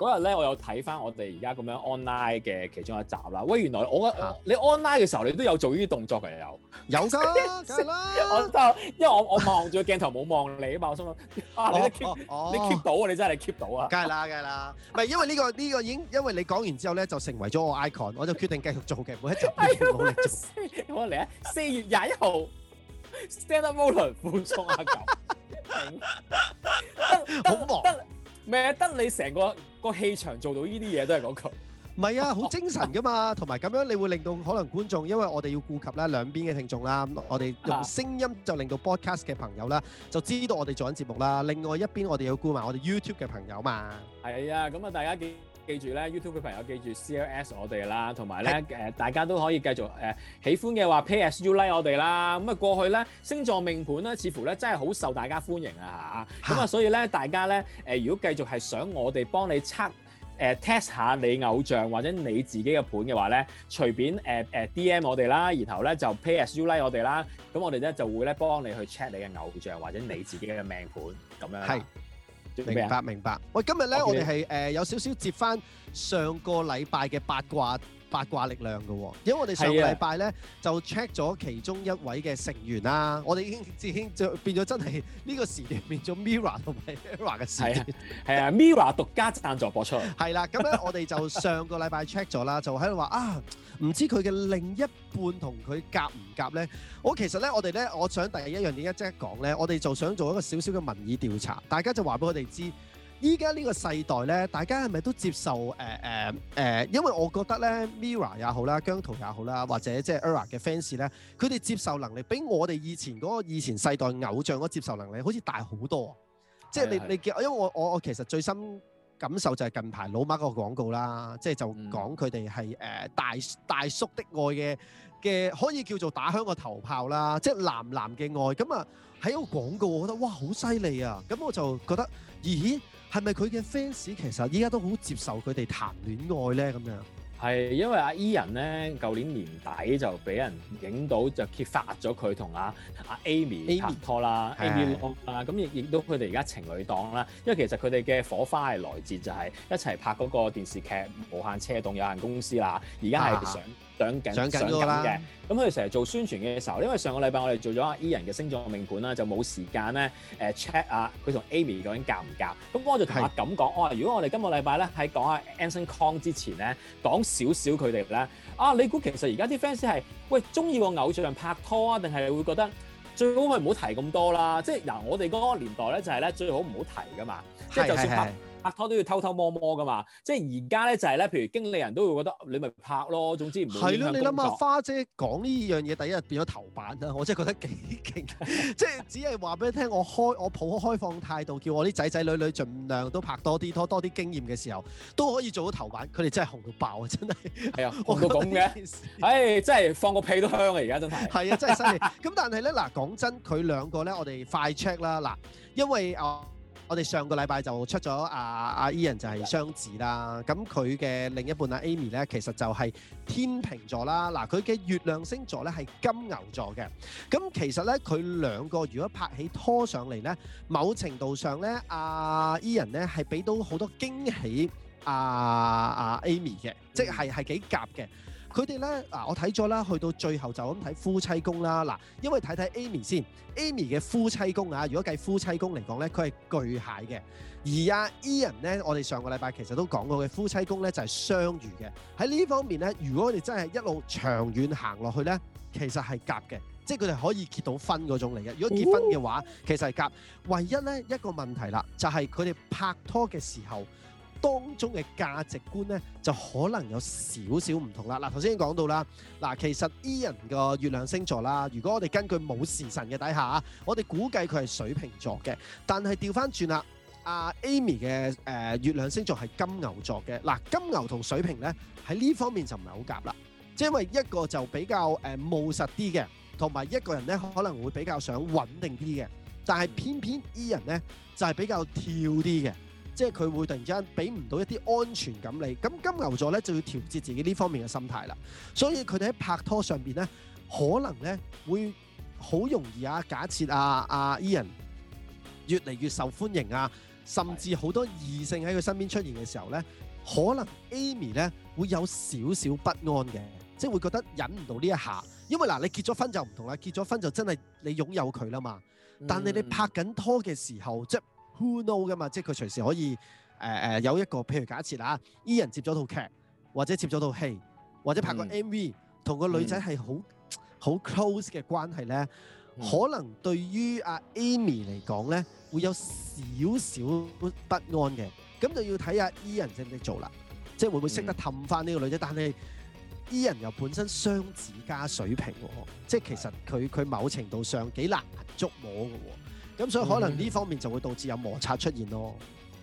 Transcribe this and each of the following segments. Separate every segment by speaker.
Speaker 1: 嗰日咧，我有睇翻我哋而家咁樣 online 嘅其中一集啦。喂，原來我、啊、你 online 嘅時候，你都有做呢啲動作嘅有？有㗎，梗係啦。我就因為我我望住鏡頭冇望你啊嘛，我心諗啊，oh, 你都
Speaker 2: keep，oh, oh. 你 keep
Speaker 1: 到啊？你真係 keep 到啊？梗係啦，梗係
Speaker 2: 啦。唔係 因為呢、呢個呢、呢個已經，因為你講完之後咧，就成為咗我 icon，我就決定繼續做嘅 每一集。係啊，好力做。我嚟啊！四月廿一號 stand up mode，換裝下
Speaker 1: 嚿。好忙。咩得你成個個氣場做到呢啲嘢都係講求。
Speaker 2: 唔係啊，好精神噶嘛，同埋咁樣你會令到可能觀眾，因為我哋要顧及啦兩邊嘅聽眾啦。咁我哋用聲音就令到 broadcast 嘅朋友啦，就知道我哋做緊節目啦。另外一邊我哋要顧埋我哋 YouTube 嘅朋友嘛。
Speaker 1: 係啊，咁啊大家見。記住咧，YouTube 嘅朋友記住 CLS 我哋啦，同埋咧誒，是大家都可以繼續誒、呃、喜歡嘅話 Pay as you like 我哋啦。咁啊過去咧，星座命盤咧，似乎咧真係好受大家歡迎啊嚇。咁啊是，所以咧大家咧誒、呃，如果繼續係想我哋幫你測誒 test、呃、下你偶像或者你自己嘅盤嘅話咧，隨便誒誒、呃呃、DM 我哋啦，然後咧就 Pay as you like 我哋啦。咁我哋咧就會咧幫你去 check 你嘅偶像或者你自己嘅命盤咁樣。係。明白明白，
Speaker 2: 喂，今日咧我哋係誒有少少接翻上個禮拜嘅八卦八卦力量嘅、啊，因為我哋上個禮拜咧就 check 咗其中一位嘅成員啦、啊，我哋已經已經就變咗真係呢、這個時段變咗 MIRROR 同埋 ERROR 嘅時段，啊 MIRROR 獨家贊助播出， 係啦，咁咧我哋就上個禮拜 check 咗啦，就喺度話啊。唔知佢嘅另一半同佢夾唔夾咧？我其實咧，我哋咧，我想第日一樣點解即係講咧，我哋就想做一個少少嘅民意調查，大家就話俾我哋知，依家呢個世代咧，大家係咪都接受誒誒誒？因為我覺得咧，Mira 也好啦，姜濤也好啦，或者即係 Era 嘅 fans 咧，佢哋接受能力比我哋以前嗰個以前世代偶像嗰接受能力好似大好多，即係是的 你的你因為我我我其實最深，感受就係近排老媽嗰個廣告啦，即係就講佢哋係誒大大叔的愛嘅嘅，可以叫做打響個頭炮啦，即係男男嘅愛。咁啊喺個廣告，我覺得哇好犀利啊！咁我就覺得咦係咪佢嘅 fans 其實依家都好接受佢哋談戀愛咧咁樣？
Speaker 1: 係，因為阿 Ian 咧，舊年年底就俾人影到就揭發咗佢同阿阿 Amy 拍拖啦，Amy 啦，咁亦、ok、的亦都佢哋而家情侶檔啦，因為其實佢哋嘅火花係來自就係一齊拍嗰個電視劇《無限車動有限公司》啦，而家係。上緊上嘅，咁佢哋成日做宣傳嘅時候，因為上個禮拜我哋做咗阿 E 人嘅星座命盤啦，就冇時間咧誒 check 啊，佢同 Amy 究竟夾唔夾？咁我就同阿錦講，我是、哦、如果我哋今個禮拜咧喺講下 a n s o n y Kong 之前咧，講少少佢哋咧，啊你估其實而家啲 fans 係喂中意個偶像拍拖啊，定係會覺得最好係唔好提咁多啦、啊？即係嗱、呃，我哋嗰個年代咧就係、是、咧最好唔好提噶嘛，即係是就先拍是。拍拖都要偷偷摸摸㗎
Speaker 2: 嘛，即係而
Speaker 1: 家咧就係、是、咧，譬如經理人都會覺得你咪拍咯，總之唔會影響工作。係咯、啊，你諗下，花
Speaker 2: 姐講呢樣嘢第一日變咗頭版啦，我真係覺得幾勁， 即係只係話俾你聽，我開我抱開放態度，叫我啲仔仔女女儘量都拍多啲拖，多啲經驗嘅時候都可以做到頭版，佢哋真係紅到爆啊，真係。係啊、哎，紅到咁嘅，唉、哎，真係放個屁都香啊，而家真係。係啊， 真係犀利。咁但係咧嗱，講真，佢兩個咧，我哋快 check 啦嗱，因為啊。呃我哋上個禮拜就出咗阿阿 Ian 就係雙子啦，咁佢嘅另一半阿 Amy 咧，其實就係天秤座啦，嗱佢嘅月亮星座咧係金牛座嘅，咁其實咧佢兩個如果拍起拖上嚟咧，某程度上咧阿 Ian 咧係俾到好多驚喜阿阿 Amy 嘅，即係係幾夾嘅。佢哋咧，嗱、啊、我睇咗啦，去到最後就咁睇夫妻宮啦。嗱，因為睇睇 Amy 先，Amy 嘅夫妻宮啊，如果計夫妻宮嚟講咧，佢係巨蟹嘅。而阿、啊、Ian 咧，我哋上個禮拜其實都講過嘅夫妻宮咧，就係、是、雙魚嘅。喺呢方面咧，如果我哋真係一路長遠行落去咧，其實係夾嘅，即係佢哋可以結到婚嗰種嚟嘅。如果結婚嘅話，哦、其實係夾。唯一咧一個問題啦，就係佢哋拍拖嘅時候。當中嘅價值觀咧，就可能有少少唔同啦。嗱，頭先已經講到啦，嗱，其實 Ian 嘅月亮星座啦，如果我哋根據冇時辰嘅底下啊，我哋估計佢係水瓶座嘅。但係調翻轉啦，阿、啊、Amy 嘅誒、呃、月亮星座係金牛座嘅。嗱、呃，金牛同水瓶咧喺呢方面就唔係好夾啦，即係因為一個就比較誒、呃、務實啲嘅，同埋一個人咧可能會比較想穩定啲嘅，但係偏偏 Ian 咧就係、是、比較跳啲嘅。即係佢會突然之間俾唔到一啲安全感你，咁金牛座咧就要調節自己呢方面嘅心態啦。所以佢哋喺拍拖上邊咧，可能咧會好容易啊。假設啊啊 Ian 越嚟越受歡迎啊，甚至好多異性喺佢身邊出現嘅時候咧，可能 Amy 咧會有少少不安嘅，即係會覺得忍唔到呢一下。因為嗱，你結咗婚就唔同啦，結咗婚就真係你擁有佢啦嘛。嗯、但係你拍緊拖嘅時候，即係。Who know 嘅嘛，即係佢隨時可以誒誒、呃、有一個，譬如假設啦，Ian 接咗套劇，或者接咗套戲，或者拍個 MV，同個女仔係好好 close 嘅關係咧，嗯、可能對於阿 Amy 嚟講咧，會有少少不安嘅，咁就要睇下 Ian 識唔識做啦，即係會唔會識得氹翻呢個女仔，嗯、但係 Ian 又本身雙子加水瓶喎，即係、嗯、其實佢佢某程度上幾難捉摸嘅喎。咁所以可能呢方面就會導致有摩擦出現咯、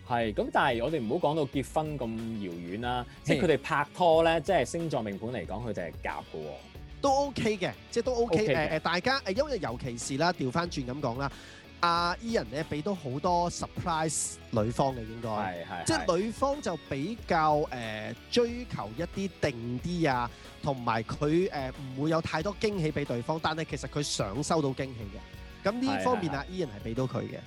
Speaker 2: 嗯。
Speaker 1: 係，咁但係我哋唔好講到結婚咁遙遠啦是的。即係佢哋拍拖咧，即係星座命盤嚟講，佢就係夾嘅喎。
Speaker 2: 都 OK 嘅，即係都 OK。誒誒，大家誒，因為尤其是啦，調翻轉咁講啦，阿 Ian 咧俾到好多 surprise 女方嘅應該係係，即係女方就比較誒、呃、追求一啲定啲啊，同埋佢誒唔會有太多驚喜俾對方，但係其實佢想收到驚喜嘅。咁呢方面啊，依然係俾到佢嘅。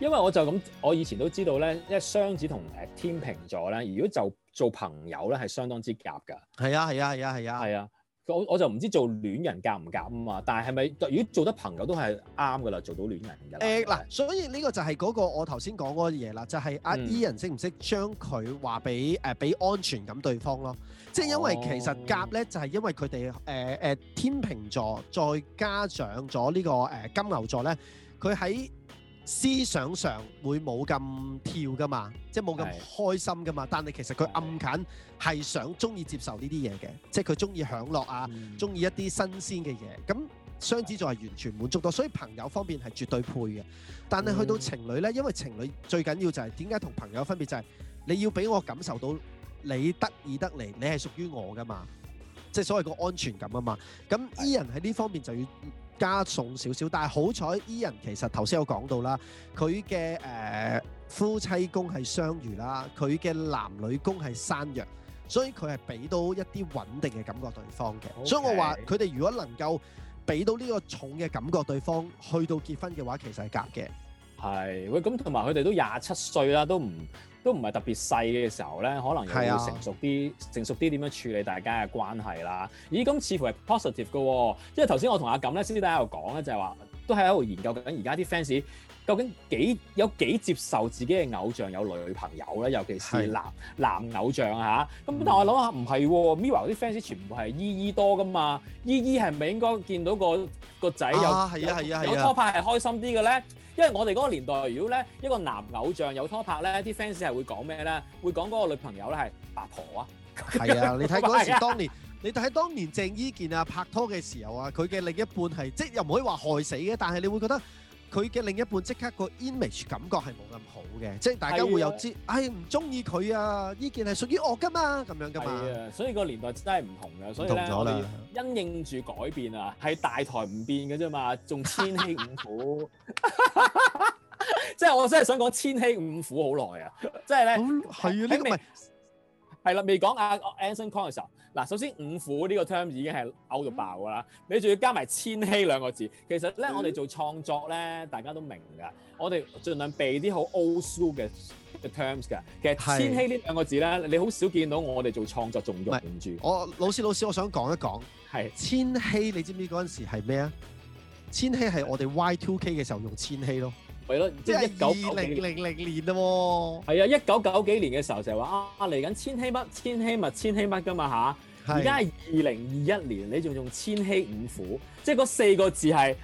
Speaker 1: 因為我就咁，我以前都知道呢，因為雙子同誒天秤座呢，如果就做朋友呢，係相當之夾㗎。係啊係啊係啊係啊。係啊。我我就唔知做戀人夾唔夾啊嘛，但係係咪如果做得朋友都係啱噶啦，做到戀人
Speaker 2: 嘅？誒嗱、呃，是所以呢個就係嗰個我頭先講嗰嘢啦，就係阿 Ian 識唔識將佢話俾誒俾安全感對方咯，即、就、係、是、因為其實夾咧、哦、就係因為佢哋誒誒天秤座再加上咗呢、這個誒、呃、金牛座咧，佢喺。思想上會冇咁跳噶嘛，即係冇咁開心噶嘛。是的 但係其實佢暗緊係想中意接受呢啲嘢嘅，即係佢中意享樂啊，中意、嗯、一啲新鮮嘅嘢。咁雙子座係完全滿足到，所以朋友方面係絕對配嘅。但係去到情侶呢，因為情侶最緊要就係點解同朋友分別就係你要俾我感受到你得意得嚟，你係屬於我噶嘛，即係所謂個安全感啊嘛。咁 Ian 喺呢方面就要，加重少少，但係好彩，Ian 其實頭先有講到啦，佢嘅誒夫妻宮係雙魚啦，佢嘅男女宮係山羊，所以佢係俾到一啲穩定嘅感覺對方嘅。Okay. 所以我話佢哋如果能夠俾到呢個重嘅感覺對方，去到結婚嘅話，其實係夾嘅。
Speaker 1: 係，喂，咁同埋佢哋都廿七歲啦，都唔都唔係特別細嘅時候咧，可能又要成熟啲是、啊，成熟啲點樣處理大家嘅關係啦。咦，咁似乎係 positive 嘅、啊，因為頭先我同阿錦咧師弟喺度講咧，就係、是、話都喺度研究緊而家啲 fans。究竟幾有幾接受自己嘅偶像有女朋友咧？尤其是男男偶像嚇。咁但係我諗下唔係，Mirror 嗰啲 fans 全部係依依多噶嘛？依依係咪應該見到個個仔有有拖拍係開心啲嘅咧？因為我哋嗰個年代，如果咧一個男偶像有拖拍咧，啲 fans 係會講咩咧？會講嗰個女朋友咧係八婆啊？
Speaker 2: 係啊！你睇嗰時當年，你睇當年鄭伊健啊拍拖嘅時候啊，佢嘅另一半係即係又唔可以話害死嘅，但係你會覺得。佢嘅另一半，即刻個 image 感覺係冇咁好嘅，即係大家會有知，唉，唔中意佢啊！呢件係屬於我㗎嘛，咁樣㗎嘛。
Speaker 1: 所以個年代真係唔同㗎，所以我哋因應住改變啊，係大台唔變嘅啫嘛，仲千禧五虎，即係， 我真係想講千禧五虎好耐啊，
Speaker 2: 即係咧。
Speaker 1: 係啊，呢個咪。係啦，未講啊，Anson Kong 嘅時候，嗱，首先五虎呢個 term 已經係 out 到爆㗎啦，你仲要加埋千禧兩個字，其實咧我哋做創作咧，大家都明㗎，我哋盡量避啲好 old school 嘅嘅 terms 㗎。其實千禧呢兩個字咧，你好少見到我哋做創作仲用住。
Speaker 2: 我老師老師，我想講一講，係是千禧，你知唔知嗰陣時係咩啊？千禧係我哋 Y two K 嘅時候用千禧咯。即係一九零
Speaker 1: 零年啊喎！係、哦、啊，一九九幾年嘅時候，成日話啊，嚟緊千禧乜千禧物千禧乜噶嘛嚇！而家係二零二一年，你仲用千禧五虎，即係
Speaker 2: 嗰四個字係、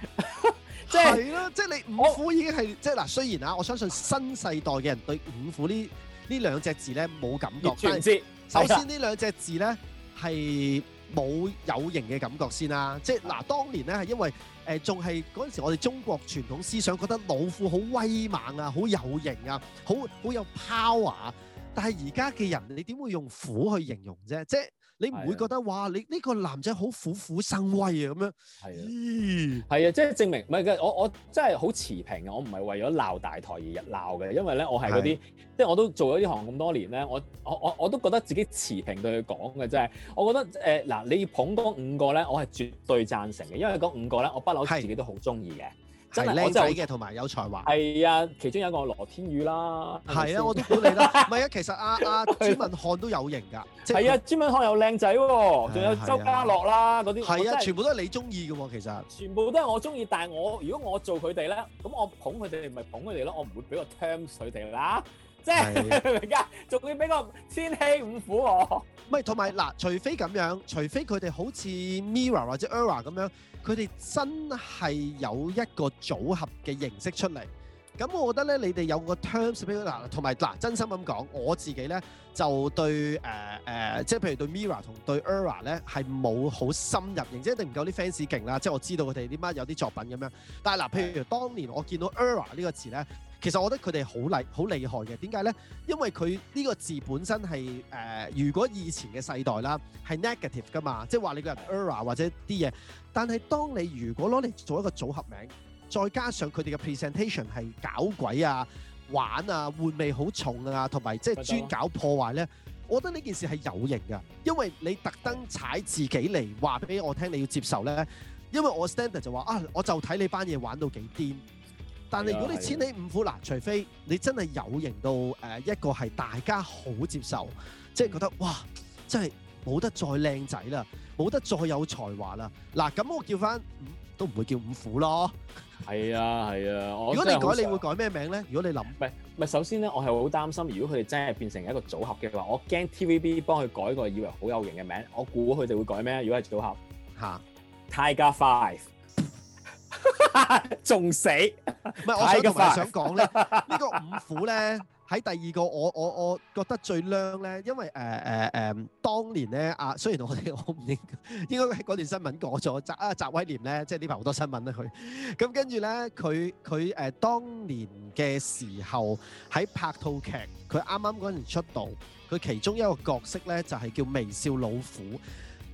Speaker 2: 就是啊，即係咯，即係你五虎已經係我即係嗱，雖然啊，我相信新世代嘅人對五虎呢呢兩隻字咧冇感覺，自但係首先呢兩隻字咧係冇有型嘅感覺先啦、啊，即係嗱，當年咧係因為。誒仲係嗰陣時，我哋中國傳統思想覺得老虎好威猛啊，好有型啊，好好有 power。但係而家嘅人，你點會用虎去形容啫？即係。你唔會覺得哇！你呢個男仔好虎虎生威啊咁樣，係啊的，係啊、嗯，即係證明唔係嘅。我我真係好持平嘅，我唔係為咗
Speaker 1: 鬧大台而日鬧嘅，因為咧我係嗰啲，的即係我都做咗呢行咁多年咧，我我我我都覺得自己持平對佢講嘅，即係我覺得誒嗱、呃，你要捧多五個咧，我係絕對贊成嘅，因為嗰五個咧，我不嬲自己都好中意嘅。係靚仔嘅，同
Speaker 2: 埋有才華。
Speaker 1: 係啊，其中有一個羅天宇啦。係啊，我都估
Speaker 2: 你啦。唔係啊，其實阿阿朱文漢都有型㗎。係啊，朱文漢又靚仔喎，仲有周家樂啦嗰啲。係啊，全部都係你中意嘅喎，其實。
Speaker 1: 全部都係我中意，但係我如果我做佢哋咧，咁我捧佢哋你咪捧佢哋咯，我唔會俾個 team 佢哋啦。即係家仲要俾個千禧
Speaker 2: 五虎喎。唔係，同埋嗱，除非咁樣，除非佢哋好似 Mirror 或者 Era 咁樣。佢哋真係有一個組合嘅形式出嚟，咁我覺得咧，你哋有個 terms 嗱，同埋嗱，真心咁講，我自己咧就對誒誒、呃呃，即係譬如對 Mirror 同對 Error 咧係冇好深入認識，一定唔夠啲 fans 勁啦，即係我，我知道佢哋點解有啲作品咁樣，但係嗱，譬如當年我見到 Error 呢個詞咧。其實我覺得佢哋好厲好厲害嘅，點解咧？因為佢呢個字本身係誒、呃，如果以前嘅世代啦係 negative 㗎嘛，即係話你個人 era 或者啲嘢。但係當你如果攞嚟做一個組合名，再加上佢哋嘅 presentation 係搞鬼啊、玩啊、玩味好重啊，同埋即係專搞破壞咧，我覺得呢件事係有型嘅，因為你特登踩自己嚟話俾我聽，你要接受咧。因為我 standard 就話啊，我就睇你班嘢玩到幾癲。
Speaker 1: 但係如果你千你
Speaker 2: 五虎嗱，除非你真係有型到誒一個係大家好接受，即、就、係、是、覺得哇，真係冇得再靚仔啦，冇得再有才華啦。嗱、啊，咁我叫翻都唔會叫五虎咯。
Speaker 1: 係啊，係啊 如、如果你改，你會改咩名咧？如果你諗，唔係，首先咧，我係會好擔心，如果佢哋真係變成一個組合嘅話，我驚 TVB 幫佢改個以為好有型嘅名，我估佢哋會改咩？如果係組合吓、啊、Tiger Five。
Speaker 2: 仲 死！唔係，我想同佢想講咧，呢 個五虎咧喺 第二個，我我我覺得最靚咧，因為誒誒誒，當年咧啊，雖然我哋我唔應應該喺嗰段新聞過咗，扎啊扎威廉咧，即係呢排好多新聞啦、啊、佢，咁跟住咧佢佢誒當年嘅時候喺拍套劇，佢啱啱嗰陣出道，佢其中一個角色咧就係、是、叫微笑老虎。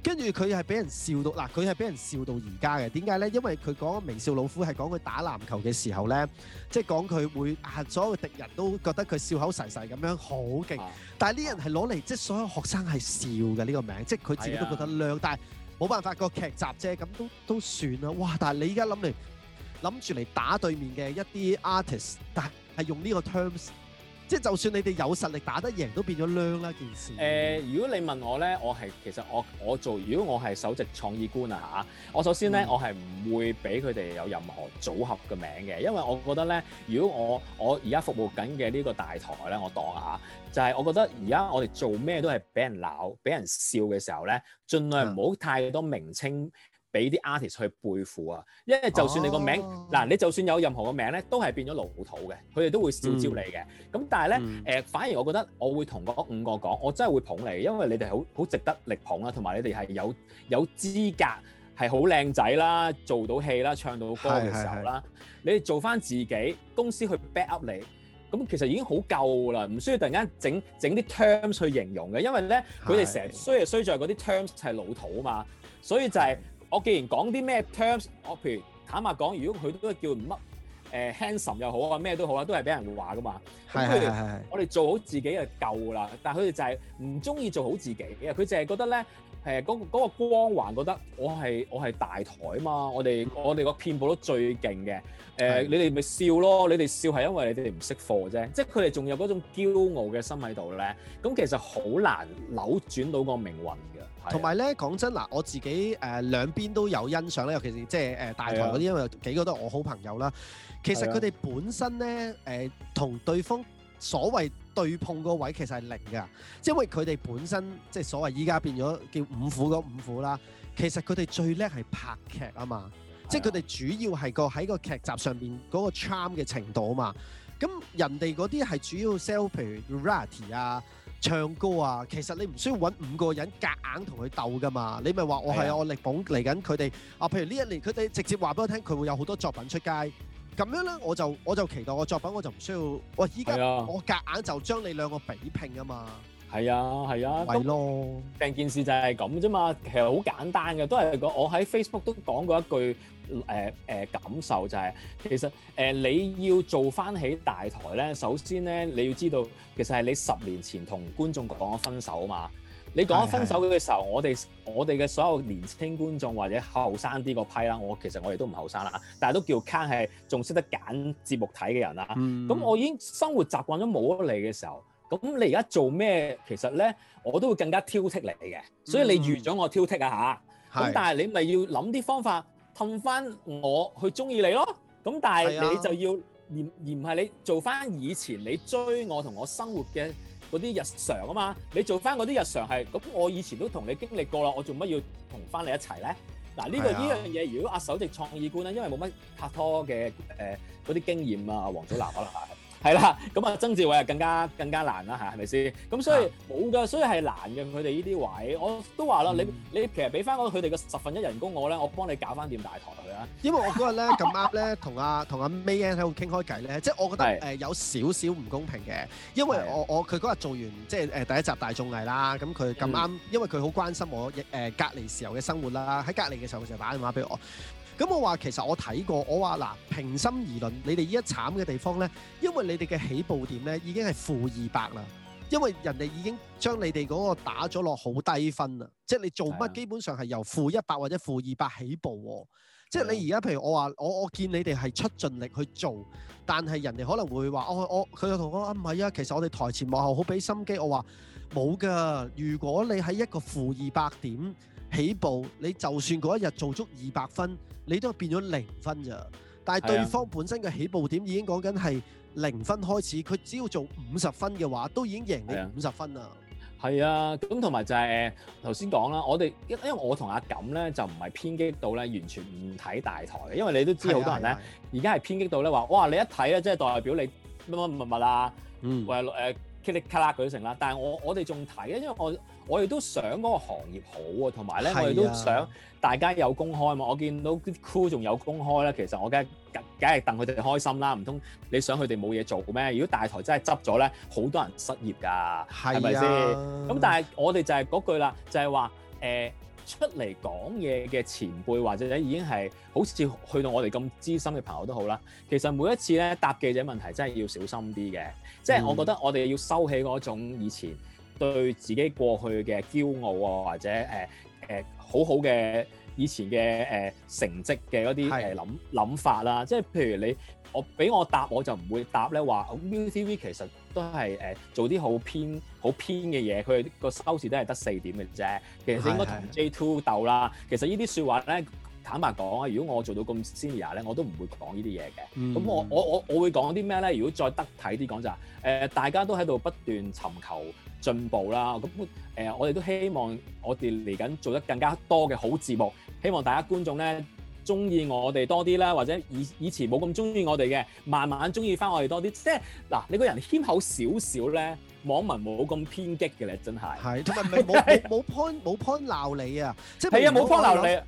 Speaker 2: 跟住佢係俾人笑到嗱，佢係俾人笑到而家嘅。點解咧？因為佢講明少老夫係講佢打籃球嘅時候咧，即係講佢會啊，所有敵人都覺得佢笑口噬噬咁樣好勁。啊、但係呢人係攞嚟即係所有學生係笑嘅呢、呢個名，即係佢自己都覺得靚，哎、呀 但係冇辦法、嗰個劇集啫，咁都都算啦。哇！但係你而家諗嚟諗住嚟打對面嘅一啲 artist，但係用呢個 terms。即就算你哋有實力打得贏，都變咗孏啦件事。
Speaker 1: 誒、呃，如果你問我咧，我係其實我我做，如果我係首席創意官啊嚇，我首先咧、嗯、我係唔會俾佢哋有任何組合嘅名嘅，因為我覺得咧，如果我我而家服務緊嘅呢個大台咧，我當下就係、是、我覺得而家我哋做咩都係俾人鬧、俾人笑嘅時候咧，盡量唔好太多名稱。嗯俾啲 artist 去背負啊！因為就算你個名，嗱、哦、你就算有任何個名咧，都係變咗老土嘅，佢哋都會招招你嘅。咁但係咧，誒反而我覺得我會同嗰五個講，我真係會捧你，因為你哋好好值得力捧啦，同埋你哋係有有資格係好靚仔啦，做到戲啦，唱到歌嘅時候啦，是是是是你哋做翻自己，公司去 back up 你，咁其實已經好夠啦，唔需要突然間整整啲 terms 去形容嘅，因為咧佢哋成日衰就衰在嗰啲 terms 係老土啊嘛，所以就係。我既然講啲咩 terms，我譬如坦白講，如果佢都叫乜誒、呃、handsome 又好啊，咩都好啊，都係俾人話噶嘛。佢哋的，係。的我哋做好自己就夠啦，但係佢哋就係唔中意做好自己，佢淨係覺得咧。誒嗰個光環覺得我係我係大台啊嘛，我哋我哋個遍佈都最勁嘅。誒、呃、是的 你哋咪笑咯，你哋笑係因為你哋唔識貨啫，即係佢哋仲有嗰種驕傲嘅心喺度咧，咁其實好
Speaker 2: 難扭轉到個命運嘅。同埋咧講真嗱，我自己誒、呃、兩邊都有欣賞咧，尤其是即係誒大台嗰啲，因為幾個都係我好朋友啦。其實佢哋本身咧誒同對方所謂。對碰個位其實係零噶，即係因為佢哋本身即係所謂依家變咗叫五虎嗰五虎啦。其實佢哋最叻係拍劇啊嘛，的即係佢哋主要係個喺個劇集上面嗰個 charm 嘅程度啊嘛。咁人哋嗰啲係主要 sell 譬如 Rarity 啊、唱歌啊，其實你唔需要揾五個人夾硬同佢鬥噶嘛。你咪話我係我力捧嚟緊佢哋啊。的譬如呢一年佢哋直接話俾我聽，佢會有好多作品出街。咁樣咧，我就我就期待我作品，我就唔需要喂依家我夾硬，硬就將你兩個比拼啊嘛。
Speaker 1: 係啊，係啊，係囉、啊。成件事就係咁啫嘛，其實好簡單嘅，都係我喺 Facebook 都講過一句誒誒、呃呃、感受、就係，就係其實誒、呃、你要做翻起大台咧，首先咧你要知道，其實係你十年前同觀眾講咗分手啊嘛。你講咗分手嘅時候，是是我哋我哋嘅所有年輕觀眾或者後生啲個批啦，我其實我哋都唔後生啦，但係都叫 can 係仲識得揀節目睇嘅人啦。咁、嗯、我已經生活習慣咗冇咗你嘅時候，咁你而家做咩？其實呢，我都會更加挑剔你嘅，所以你預咗我挑剔啊嚇。咁、嗯、但係你咪要諗啲方法氹翻我去中意你咯。咁但係你就要是、啊、而而唔係你做翻以前你追我同我生活嘅。嗰啲日常啊嘛，你做返嗰啲日常係，咁我以前都同你經歷過啦，我做乜要同返你一齊咧？嗱、啊、呢、呢個呢樣嘢，如果阿、啊、首席創意官咧，因為冇乜拍拖嘅，誒嗰啲經驗啊，王祖藍可能係。 係啦，咁啊曾志偉啊更加更加難啦嚇，係咪先？咁所以冇㗎，所以係難嘅佢哋呢啲位，我都話啦，嗯、你你其實俾翻佢哋嘅十分一人工我咧，我幫你
Speaker 2: 搞翻掂大台佢啦。因為我嗰日咧咁啱咧，同阿同阿 May 姐喺度傾開偈咧，即係我覺得誒有少少唔公平嘅，因為我我佢嗰日做完即係誒第一集大眾藝啦，咁佢咁啱，嗯、因為佢好關心我誒、呃、隔離時候嘅生活啦，喺隔離嘅時候佢就打電話俾我。咁我話其實我睇過，我話嗱平心而論，你哋依呢一慘嘅地方咧，因為你哋嘅起步點咧已經係負二百啦，因為人哋已經將你哋嗰個打咗落好低分啦，即係你做乜基本上係由負一百或者負二百起步喎，即係你而家譬如我話我我見你哋係出盡力去做，但係人哋可能會話、哦、我我佢就同我話唔係啊，其實我哋台前幕後好俾心機，我話冇㗎，如果你喺一個負二百點。起步你就算嗰一日做足二百分，你都係變咗零分咋？但係對方本身嘅起步點已經講緊係零分開始，佢只要做五十分嘅話，都已經贏你五十分啦。
Speaker 1: 係啊，咁同埋就係頭先講啦，我哋因因為我同阿錦咧就唔係偏激到咧完全唔睇大台嘅，因為你都知好多人咧而家係偏激到咧話哇你一睇咧即係代表你乜乜物物啊，或係噼里卡啦嗰成啦。但係我我哋仲睇咧，因為我。我哋都想嗰個行業好啊，同埋咧我哋都想大家有工開嘛。我見到 Cool 仲有工開咧，其實我梗係梗係戥佢哋開心啦。唔通你想佢哋冇嘢做咩？如果大台真係執咗咧，好多人失業噶，係咪先？咁但係我哋就係嗰句啦，就係、是呃、話誒出嚟講嘢嘅前輩或者已經係好似去到我哋咁資深嘅朋友都好啦。其實每一次咧答記者問題真係要小心啲嘅，即係、嗯、我覺得我哋要收起嗰種以前。對自己過去嘅驕傲啊，或者誒誒、呃呃、好好嘅以前嘅誒、呃、成績嘅嗰啲誒諗諗法啦，即係譬如你我俾我答我就唔會答咧話，ViuTV 其實都係誒、呃、做啲好偏好偏嘅嘢，佢個收視都係得四點嘅啫，其實應該同 J2 鬥啦。其實說呢啲説話咧。坦白講啊，如果我做到咁 senior 咧，我都唔會講呢啲嘢嘅。咁我我我我會講啲咩咧？如果再得體啲講就係誒，大家都喺度不斷尋求進步啦。咁誒，我哋都希望我哋嚟緊做得更加多嘅好節目，希望大家觀眾咧中意我哋多啲啦，或者以以前冇咁中意我哋嘅，慢慢中意翻我哋多啲。即係嗱，你個人謙口少少咧，網民冇咁偏激嘅咧，真係。係，
Speaker 2: 同埋唔冇冇 point 冇 point 鬧你啊！係啊，冇 point 鬧你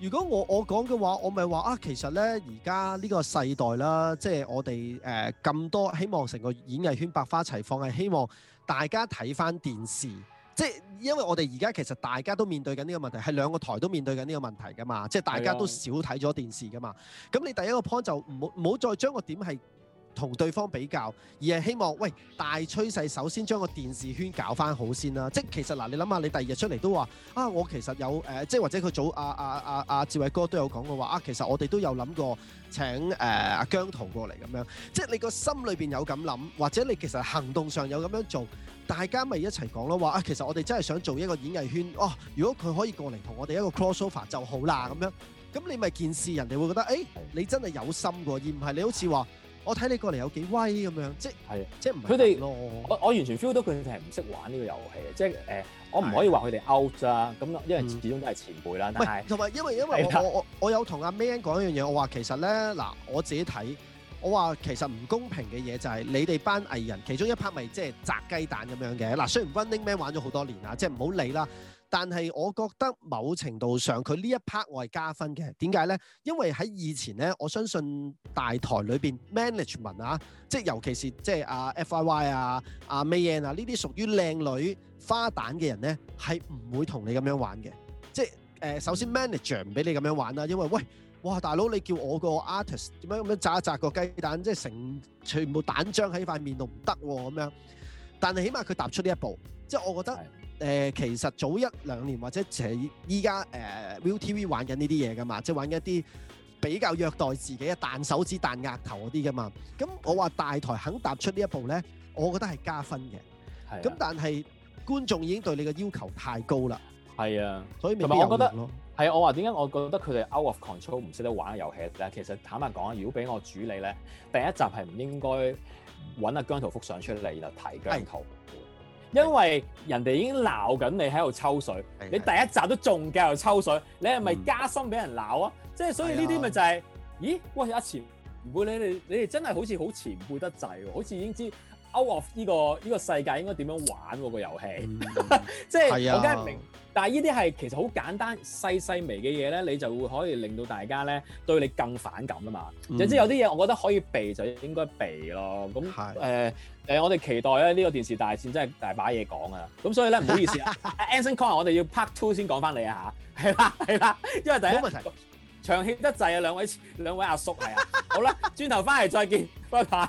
Speaker 2: 如果我我講嘅話，我咪話啊，其實咧而家呢個世代啦，即係我哋誒咁多希望成個演藝圈百花齊放，係希望大家睇返電視，即係因為我哋而家其實大家都面對緊呢個問題，係兩個台都面對緊呢個問題㗎嘛，即係大家都少睇咗電視㗎嘛，咁的你第一個 point 就唔好唔好再將個點係。同對方比較，而係希望喂大趨勢，首先將個電視圈搞翻好先啦。即係其實嗱，你諗下，你第二日出嚟都話啊，我其實有誒、呃，即係或者佢早阿阿阿阿志偉哥都有講過話啊，其實我哋都有諗過請誒阿、啊、姜濤過嚟咁樣。即係你個心裏邊有咁諗，或者你其實行動上有咁樣做，大家咪一齊講咯，話啊，其實我哋真係想做一個演藝圈哦、啊。如果佢可以過嚟同我哋一個 cross over 就好啦咁樣。咁你咪見事人哋會覺得誒、欸，你真係有心㗎，而唔係你好似話。我睇你過嚟有幾威咁的樣，即係即係唔係佢哋咯。我我完全 feel 到佢哋係唔識玩呢個遊戲嘅，即係誒、
Speaker 1: 呃，我唔可以話佢哋 out 啦的。咁因為始終都係前輩啦。唔係、嗯，同埋是因
Speaker 2: 為因為我的我我，我有同阿 Man 講一樣嘢，我話其實咧嗱，我自己睇，我話其實唔公平嘅嘢就係你哋班藝人其中一 part 咪即係炸雞蛋咁樣嘅。嗱，雖然 Running Man 玩咗好多年啦，即係唔好理啦。但係我覺得某程度上佢呢一 part 我係加分嘅，點解咧？因為喺以前咧，我相信大台裏邊 management 啊，即係尤其是即係啊 Fiy 啊 May 啊 Mayan 啊呢啲屬於靚女花旦嘅人咧，係唔會同你咁樣玩嘅。即係誒、呃，首先 manager 唔俾你咁樣玩啦，因為喂，哇大佬你叫我個 artist 點樣咁樣炸一炸個雞蛋，即係成全部蛋漿喺塊面度唔得喎咁樣。但係起碼佢踏出呢一步，即係我覺得。誒、呃、其實早一兩年或者成依家誒、呃、ViuTV 玩緊呢啲嘢㗎嘛，即係玩一啲比較虐待自己、彈手指、彈額頭嗰啲㗎嘛。咁我話大台肯踏出呢一步咧，我覺得係加分嘅。係、啊。咁但係觀眾已經對你嘅要求太高啦。
Speaker 1: 係啊。所以未必有，有覺得。咯。係啊，我話點解我覺得佢哋 out of control 唔識得玩嘅遊戲咧？其實坦白講啊，如果俾我主理咧，第一集係唔應該揾阿姜濤幅相出嚟就睇姜濤。因為人哋已經鬧緊你喺度抽水，你第一集都仲繼續抽水，你係咪加薪俾人鬧啊？即係、嗯、所以呢啲咪就係、是，咦？喂，阿前唔會你哋你哋真係好似好前輩得滯喎，好似已經知 Out of 呢、呢個呢、呢個世界應該點樣玩，嗰個遊戲，即係我梗係明，嗯但係依啲係其實好簡單細細微嘅嘢咧，你就會可以令到大家咧對你更反感啊嘛。總之、嗯、有啲嘢我覺得可以避就應該避咯。咁誒誒，我哋期待咧呢個電視大戰真係大把嘢講㗎喇。咁所以咧唔好意思啊 Anson Kong，我哋要 Part Two 先講翻你啊，係啦係啦，因為第一問題長氣得滯啊，兩位兩位阿叔係啊。好啦，轉頭翻嚟再見，拜拜。